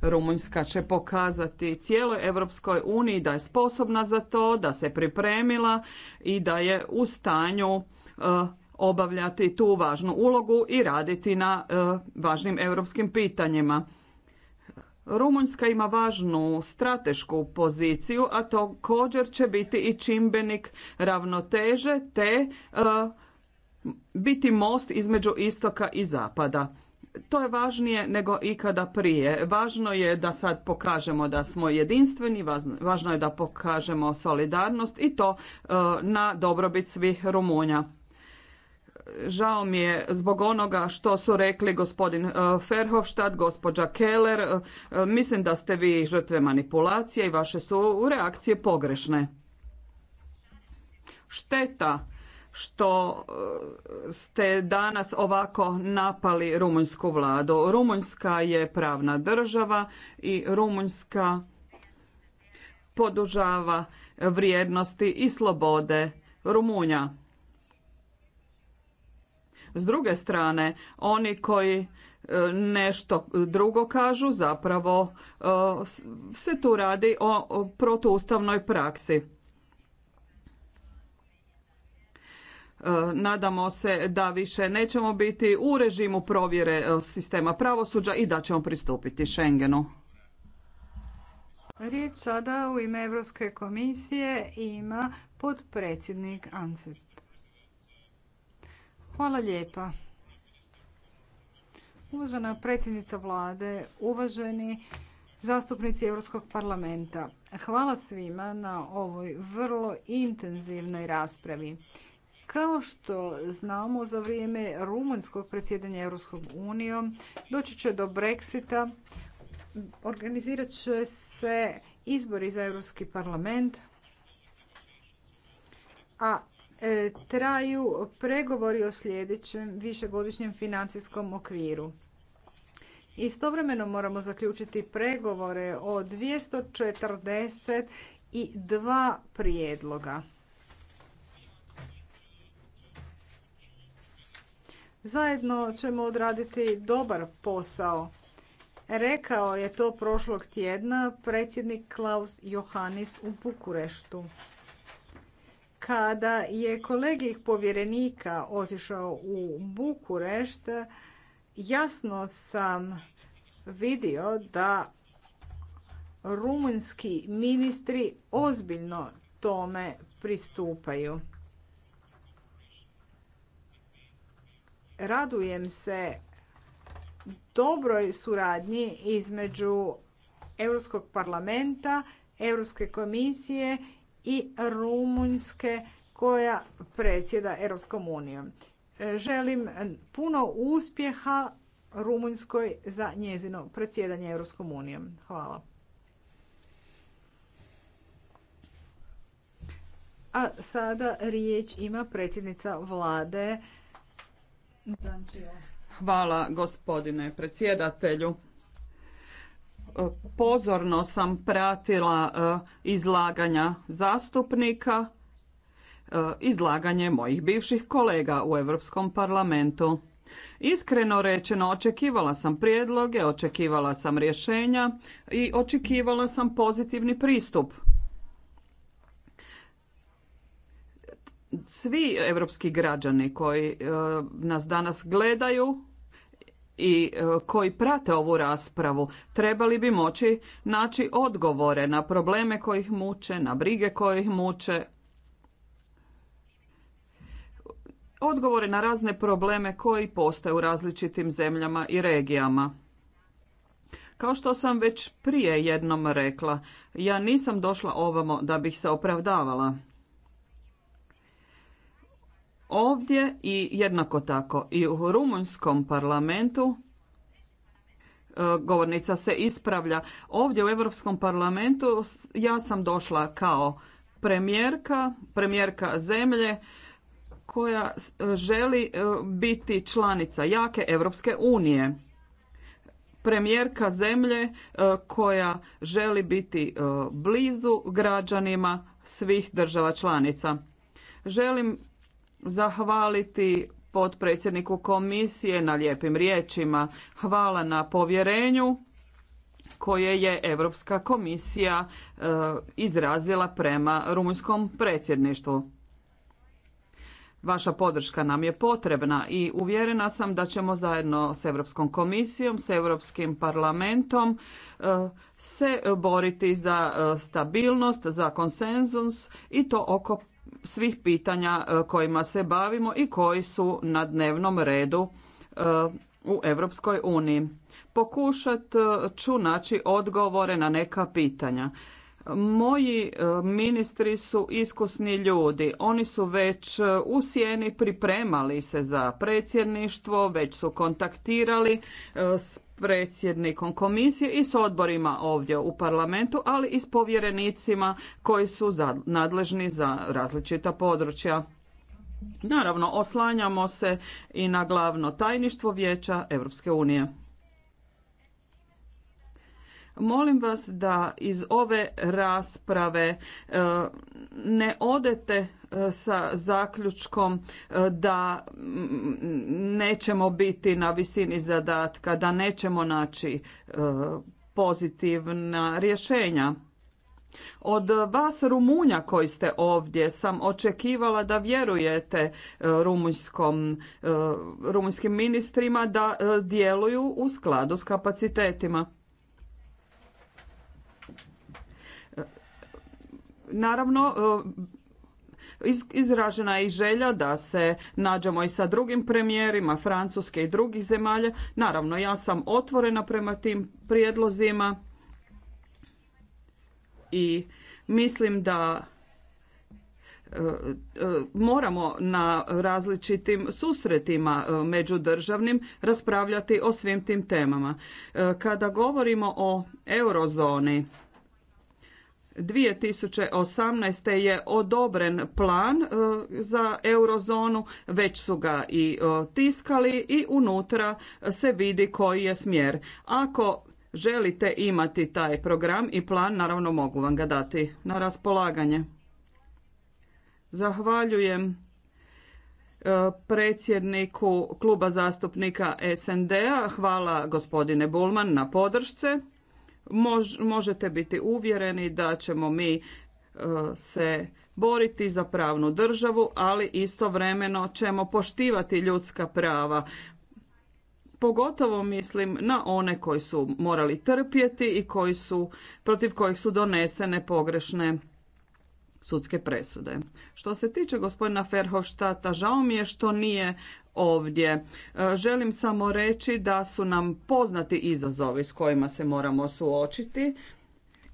Rumunjska će pokazati cijeloj Europskoj uniji da je sposobna za to, da se pripremila i da je u stanju e, obavljati tu važnu ulogu i raditi na e, važnim europskim pitanjima. Rumunjska ima važnu stratešku poziciju, a također će biti i čimbenik ravnoteže te e, biti most između istoka i zapada. To je važnije nego ikada prije. Važno je da sad pokažemo da smo jedinstveni, važno je da pokažemo solidarnost i to e, na dobrobit svih Rumunja žao mi je zbog onoga što su rekli gospodin e, Ferhofstadt, gospođa Keller. E, mislim da ste vi žrtve manipulacije i vaše su reakcije pogrešne. Šteta što e, ste danas ovako napali rumunjsku vladu. Rumunjska je pravna država i Rumunjska podužava vrijednosti i slobode Rumunja. S druge strane, oni koji e, nešto drugo kažu, zapravo e, se tu radi o protuustavnoj praksi. E, nadamo se da više nećemo biti u režimu provjere sistema pravosuđa i da ćemo pristupiti Schengenu. Riječ sada u ime Europske komisije ima podpredsjednik Ansip. Hvala lijepa. Uvažena predsjednica vlade, uvaženi zastupnici Europskog parlamenta. Hvala svima na ovoj vrlo intenzivnoj raspravi. Kao što znamo, za vrijeme rumunjskog predsjedanja Europskom unijom doći će do Brexita, organizirat će se izbori za Europski parlament, a E, traju pregovori o sljedećem višegodišnjem financijskom okviru. Istovremeno moramo zaključiti pregovore o 242 prijedloga. Zajedno ćemo odraditi dobar posao. Rekao je to prošlog tjedna predsjednik Klaus Johannis u Bukureštu kada je kolegih povjerenika otišao u Bukurešt, jasno sam vidio da rumunski ministri ozbiljno tome pristupaju. Radujem se dobroj suradnji između Europskog parlamenta, Europske komisije i Rumunjske koja predsjeda Europskom unijom. E, želim puno uspjeha Rumunjskoj za njezino predsjedanje Europskom unijom. Hvala. A sada riječ ima predsjednica vlade. Hvala gospodine predsjedatelju. E, pozorno sam pratila e, izlaganja zastupnika, e, izlaganje mojih bivših kolega u Europskom parlamentu. Iskreno rečeno, očekivala sam prijedloge, očekivala sam rješenja i očekivala sam pozitivni pristup. Svi europski građani koji nas danas gledaju i e, koji prate ovu raspravu trebali bi moći naći odgovore na probleme koji ih muče, na brige koje ih muče. Odgovore na razne probleme koji postoje u različitim zemljama i regijama. Kao što sam već prije jednom rekla, ja nisam došla ovamo da bih se opravdavala. Ovdje i jednako tako i u rumunjskom parlamentu e, govornica se ispravlja. Ovdje u Europskom parlamentu ja sam došla kao premijerka, premijerka zemlje koja e, želi e, biti članica jake Europske unije. Premijerka zemlje koja želi biti blizu građanima svih država članica. Želim zahvaliti potpredsjedniku komisije na lijepim riječima. Hvala na povjerenju koje je Europska komisija e, izrazila prema rumunjskom predsjedništvu. Vaša podrška nam je potrebna i uvjerena sam da ćemo zajedno s Europskom komisijom, s Europskim parlamentom e, se boriti za e, stabilnost, za konsenzus i to oko svih pitanja e, kojima se bavimo i koji su na dnevnom redu e, u Europskoj uniji. Pokušat e, ću naći odgovore na neka pitanja. Moji ministri su iskusni ljudi. Oni su već u sjeni pripremali se za predsjedništvo, već su kontaktirali s predsjednikom komisije i s odborima ovdje u parlamentu, ali i s povjerenicima koji su nadležni za različita područja. Naravno, oslanjamo se i na glavno tajništvo Vijeća Europske unije. Molim vas da iz ove rasprave e, ne odete sa zaključkom e, da nećemo biti na visini zadatka, da nećemo naći e, pozitivna rješenja. Od vas Rumunja koji ste ovdje sam očekivala da vjerujete e, rumunjskom, rumunjskim ministrima da djeluju u skladu s kapacitetima. Naravno, Izražena je i želja da se nađemo i sa drugim premijerima Francuske i drugih zemalja. Naravno, ja sam otvorena prema tim prijedlozima i mislim da e, e, moramo na različitim susretima e, međudržavnim raspravljati o svim tim temama. Kada govorimo o eurozoni, 2018. je odobren plan e, za eurozonu, već su ga i e, tiskali i unutra se vidi koji je smjer. Ako želite imati taj program i plan, naravno mogu vam ga dati na raspolaganje. Zahvaljujem e, predsjedniku kluba zastupnika SND-a. Hvala gospodine Bulman na podršce možete biti uvjereni da ćemo mi e, se boriti za pravnu državu, ali istovremeno ćemo poštivati ljudska prava. Pogotovo mislim na one koji su morali trpjeti i koji su, protiv kojih su donesene pogrešne sudske presude. Što se tiče gospodina Ferhofštata, žao mi je što nije ovdje. E, želim samo reći da su nam poznati izazovi s kojima se moramo suočiti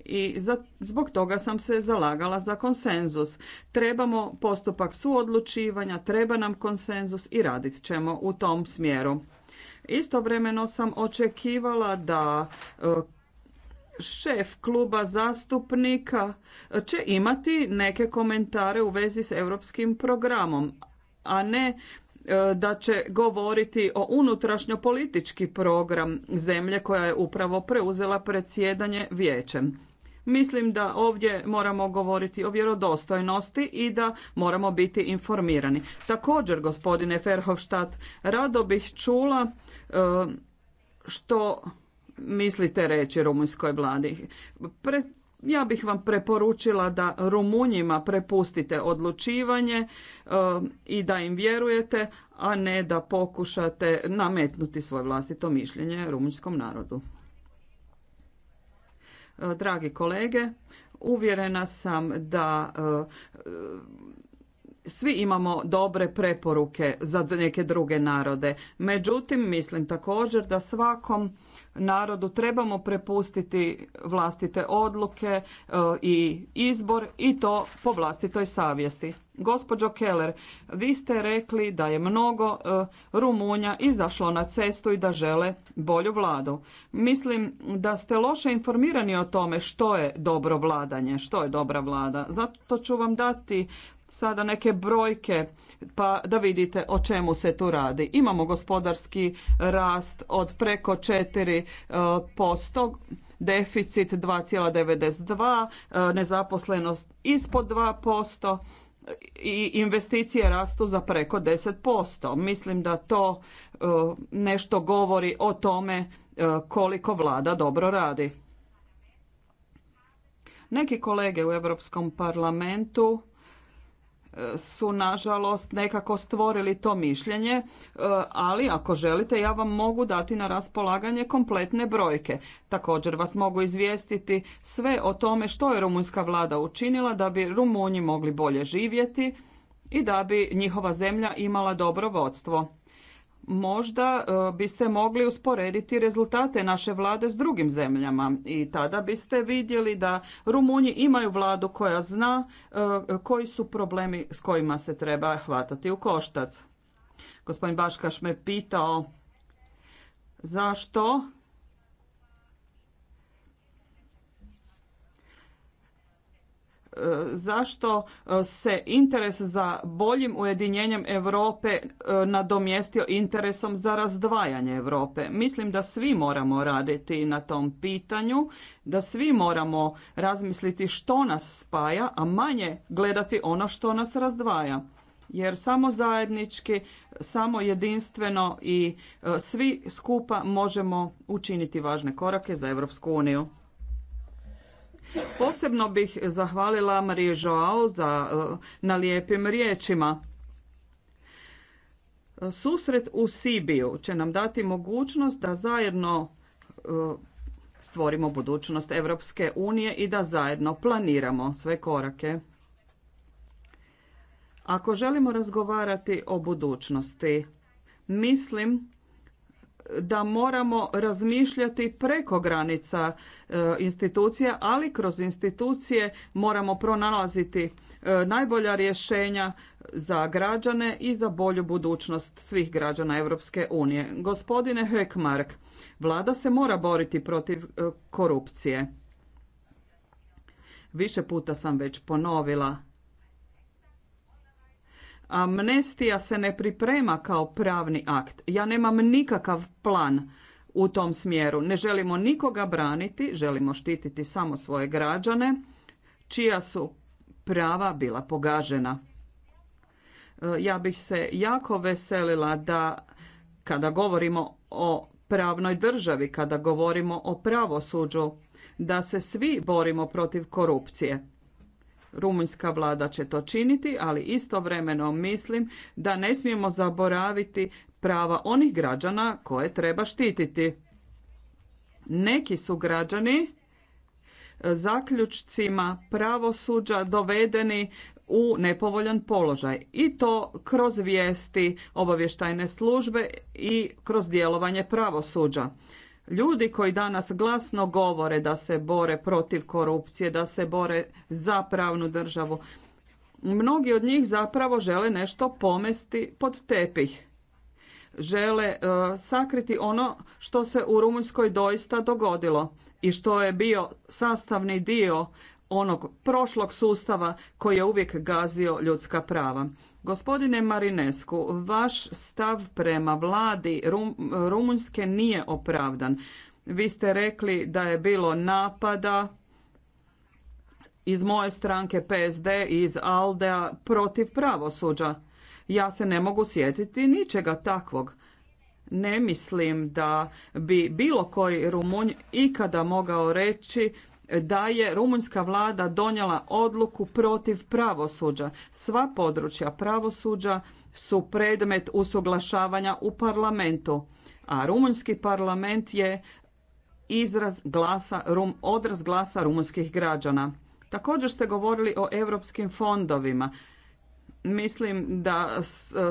i zbog toga sam se zalagala za konsenzus. Trebamo postupak suodlučivanja, treba nam konsenzus i radit ćemo u tom smjeru. Istovremeno sam očekivala da e, šef kluba zastupnika će imati neke komentare u vezi s europskim programom, a ne e, da će govoriti o unutrašnjopolitički program zemlje koja je upravo preuzela predsjedanje vijećem. Mislim da ovdje moramo govoriti o vjerodostojnosti i da moramo biti informirani. Također, gospodine Ferhofstadt, rado bih čula e, što mislite reći rumunjskoj vladi? Pre, ja bih vam preporučila da Rumunjima prepustite odlučivanje e, i da im vjerujete, a ne da pokušate nametnuti svoje vlastito mišljenje rumunjskom narodu. E, dragi kolege, uvjerena sam da e, svi imamo dobre preporuke za neke druge narode. Međutim, mislim također da svakom narodu trebamo prepustiti vlastite odluke e, i izbor i to po vlastitoj savjesti. Gospođo Keller, vi ste rekli da je mnogo e, Rumunja izašlo na cestu i da žele bolju vladu. Mislim da ste loše informirani o tome što je dobro vladanje, što je dobra vlada. Zato ću vam dati sada neke brojke pa da vidite o čemu se tu radi. Imamo gospodarski rast od preko 4%, e, deficit 2,92, e, nezaposlenost ispod 2% i investicije rastu za preko 10%. Mislim da to e, nešto govori o tome koliko vlada dobro radi. Neki kolege u Europskom parlamentu su nažalost nekako stvorili to mišljenje, e, ali ako želite ja vam mogu dati na raspolaganje kompletne brojke. Također vas mogu izvijestiti sve o tome što je rumunjska vlada učinila da bi Rumunji mogli bolje živjeti i da bi njihova zemlja imala dobro vodstvo možda e, biste mogli usporediti rezultate naše vlade s drugim zemljama i tada biste vidjeli da Rumunji imaju vladu koja zna e, koji su problemi s kojima se treba hvatati u koštac. Gospodin Baškaš me pitao zašto zašto e, se interes za boljim ujedinjenjem Europe e, nadomjestio interesom za razdvajanje Europe. Mislim da svi moramo raditi na tom pitanju, da svi moramo razmisliti što nas spaja, a manje gledati ono što nas razdvaja jer samo zajednički, samo jedinstveno i e, svi skupa možemo učiniti važne korake za Europsku uniju. Posebno bih zahvalila Marije Joao za, eh, na lijepim riječima. Susret u Sibiju će nam dati mogućnost da zajedno eh, stvorimo budućnost Europske unije i da zajedno planiramo sve korake. Ako želimo razgovarati o budućnosti, mislim da moramo razmišljati preko granica e, institucija, ali kroz institucije moramo pronalaziti e, najbolja rješenja za građane i za bolju budućnost svih građana Europske unije. Gospodine Hökmark, vlada se mora boriti protiv e, korupcije. Više puta sam već ponovila Amnestija se ne priprema kao pravni akt. Ja nemam nikakav plan u tom smjeru. Ne želimo nikoga braniti, želimo štititi samo svoje građane čija su prava bila pogažena. E, ja bih se jako veselila da kada govorimo o pravnoj državi, kada govorimo o pravosuđu, da se svi borimo protiv korupcije. Rumunjska vlada će to činiti, ali istovremeno mislim da ne smijemo zaboraviti prava onih građana koje treba štititi. Neki su građani zaključcima pravosuđa dovedeni u nepovoljan položaj i to kroz vijesti obavještajne službe i kroz djelovanje pravosuđa. Ljudi koji danas glasno govore da se bore protiv korupcije, da se bore za pravnu državu, mnogi od njih zapravo žele nešto pomesti pod tepih. Žele e, sakriti ono što se u Rumunjskoj doista dogodilo i što je bio sastavni dio onog prošlog sustava koji je uvijek gazio ljudska prava. Gospodine Marinesku, vaš stav prema vladi Rumunjske nije opravdan. Vi ste rekli da je bilo napada iz moje stranke PSD i iz Aldea protiv pravosuđa. Ja se ne mogu sjetiti ničega takvog. Ne mislim da bi bilo koji Rumunj ikada mogao reći da je rumunjska vlada donijela odluku protiv pravosuđa. Sva područja pravosuđa su predmet usuglašavanja u parlamentu, a rumunjski parlament je izraz glasa, odraz glasa rumunskih građana. Također ste govorili o europskim fondovima. Mislim da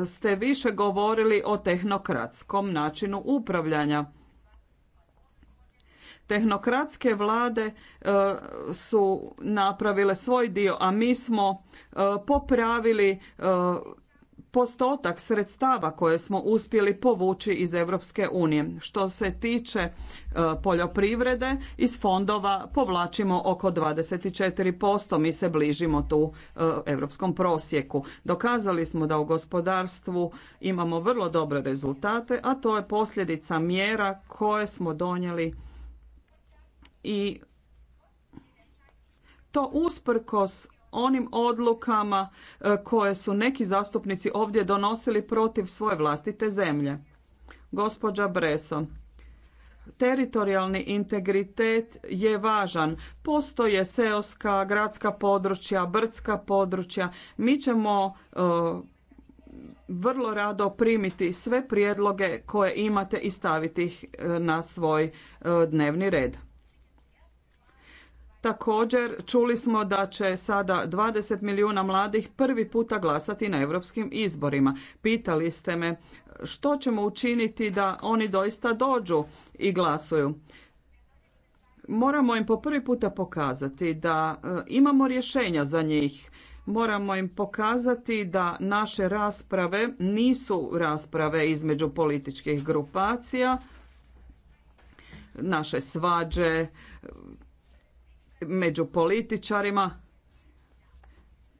ste više govorili o tehnokratskom načinu upravljanja Tehnokratske vlade e, su napravile svoj dio, a mi smo e, popravili e, postotak sredstava koje smo uspjeli povući iz Europske unije. Što se tiče poljoprivrede, iz fondova povlačimo oko 24%, mi se bližimo tu europskom prosjeku. Dokazali smo da u gospodarstvu imamo vrlo dobre rezultate, a to je posljedica mjera koje smo donijeli i to usprkos onim odlukama e, koje su neki zastupnici ovdje donosili protiv svoje vlastite zemlje. Gospođa Breso, teritorijalni integritet je važan. Postoje seoska, gradska područja, brdska područja. Mi ćemo e, vrlo rado primiti sve prijedloge koje imate i staviti ih e, na svoj dnevni red. Također čuli smo da će sada 20 milijuna mladih prvi puta glasati na europskim izborima. Pitali ste me što ćemo učiniti da oni doista dođu i glasuju. Moramo im po prvi puta pokazati da e, imamo rješenja za njih. Moramo im pokazati da naše rasprave nisu rasprave između političkih grupacija, naše svađe, među političarima,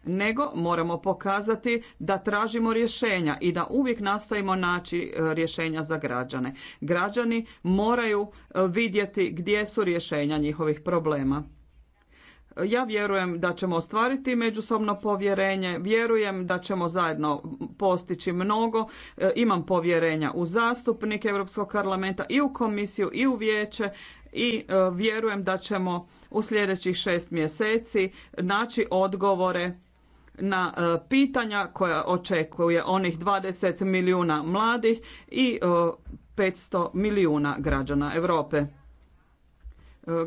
nego moramo pokazati da tražimo rješenja i da uvijek nastojimo naći e, rješenja za građane. Građani moraju e, vidjeti gdje su rješenja njihovih problema. Ja vjerujem da ćemo ostvariti međusobno povjerenje, vjerujem da ćemo zajedno postići mnogo. E, imam povjerenja u zastupnike Europskog parlamenta i u komisiju i u vijeće i e, vjerujem da ćemo u sljedećih šest mjeseci naći odgovore na e, pitanja koja očekuje onih 20 milijuna mladih i 500 milijuna građana Europe.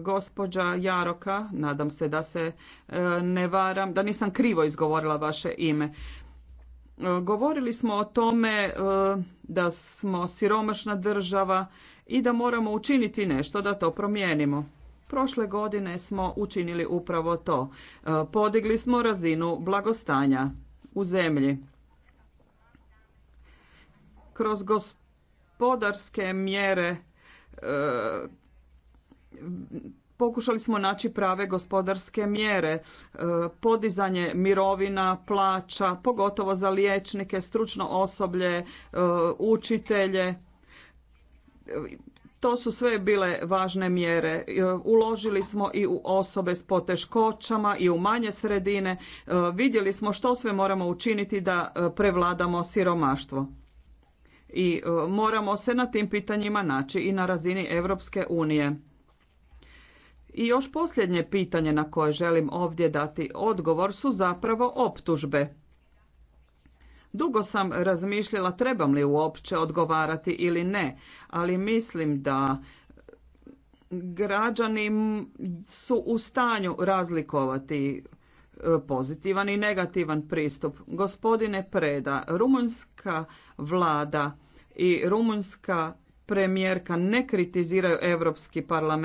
Gospođa Jaroka, nadam se da se e, ne varam, da nisam krivo izgovorila vaše ime. E, govorili smo o tome e, da smo siromašna država i da moramo učiniti nešto da to promijenimo. Prošle godine smo učinili upravo to. Podigli smo razinu blagostanja u zemlji. Kroz gospodarske mjere Pokušali smo naći prave gospodarske mjere, e, podizanje mirovina, plaća, pogotovo za liječnike, stručno osoblje, e, učitelje. E, to su sve bile važne mjere. Uložili smo i u osobe s poteškoćama i u manje sredine. Vidjeli smo što sve moramo učiniti da prevladamo siromaštvo. I moramo se na tim pitanjima naći i na razini Europske unije. I još posljednje pitanje na koje želim ovdje dati odgovor su zapravo optužbe. Dugo sam razmišljala trebam li uopće odgovarati ili ne, ali mislim da građani su u stanju razlikovati e, pozitivan i negativan pristup. Gospodine Preda, rumunjska vlada i rumunjska premijerka ne kritiziraju Europski parlament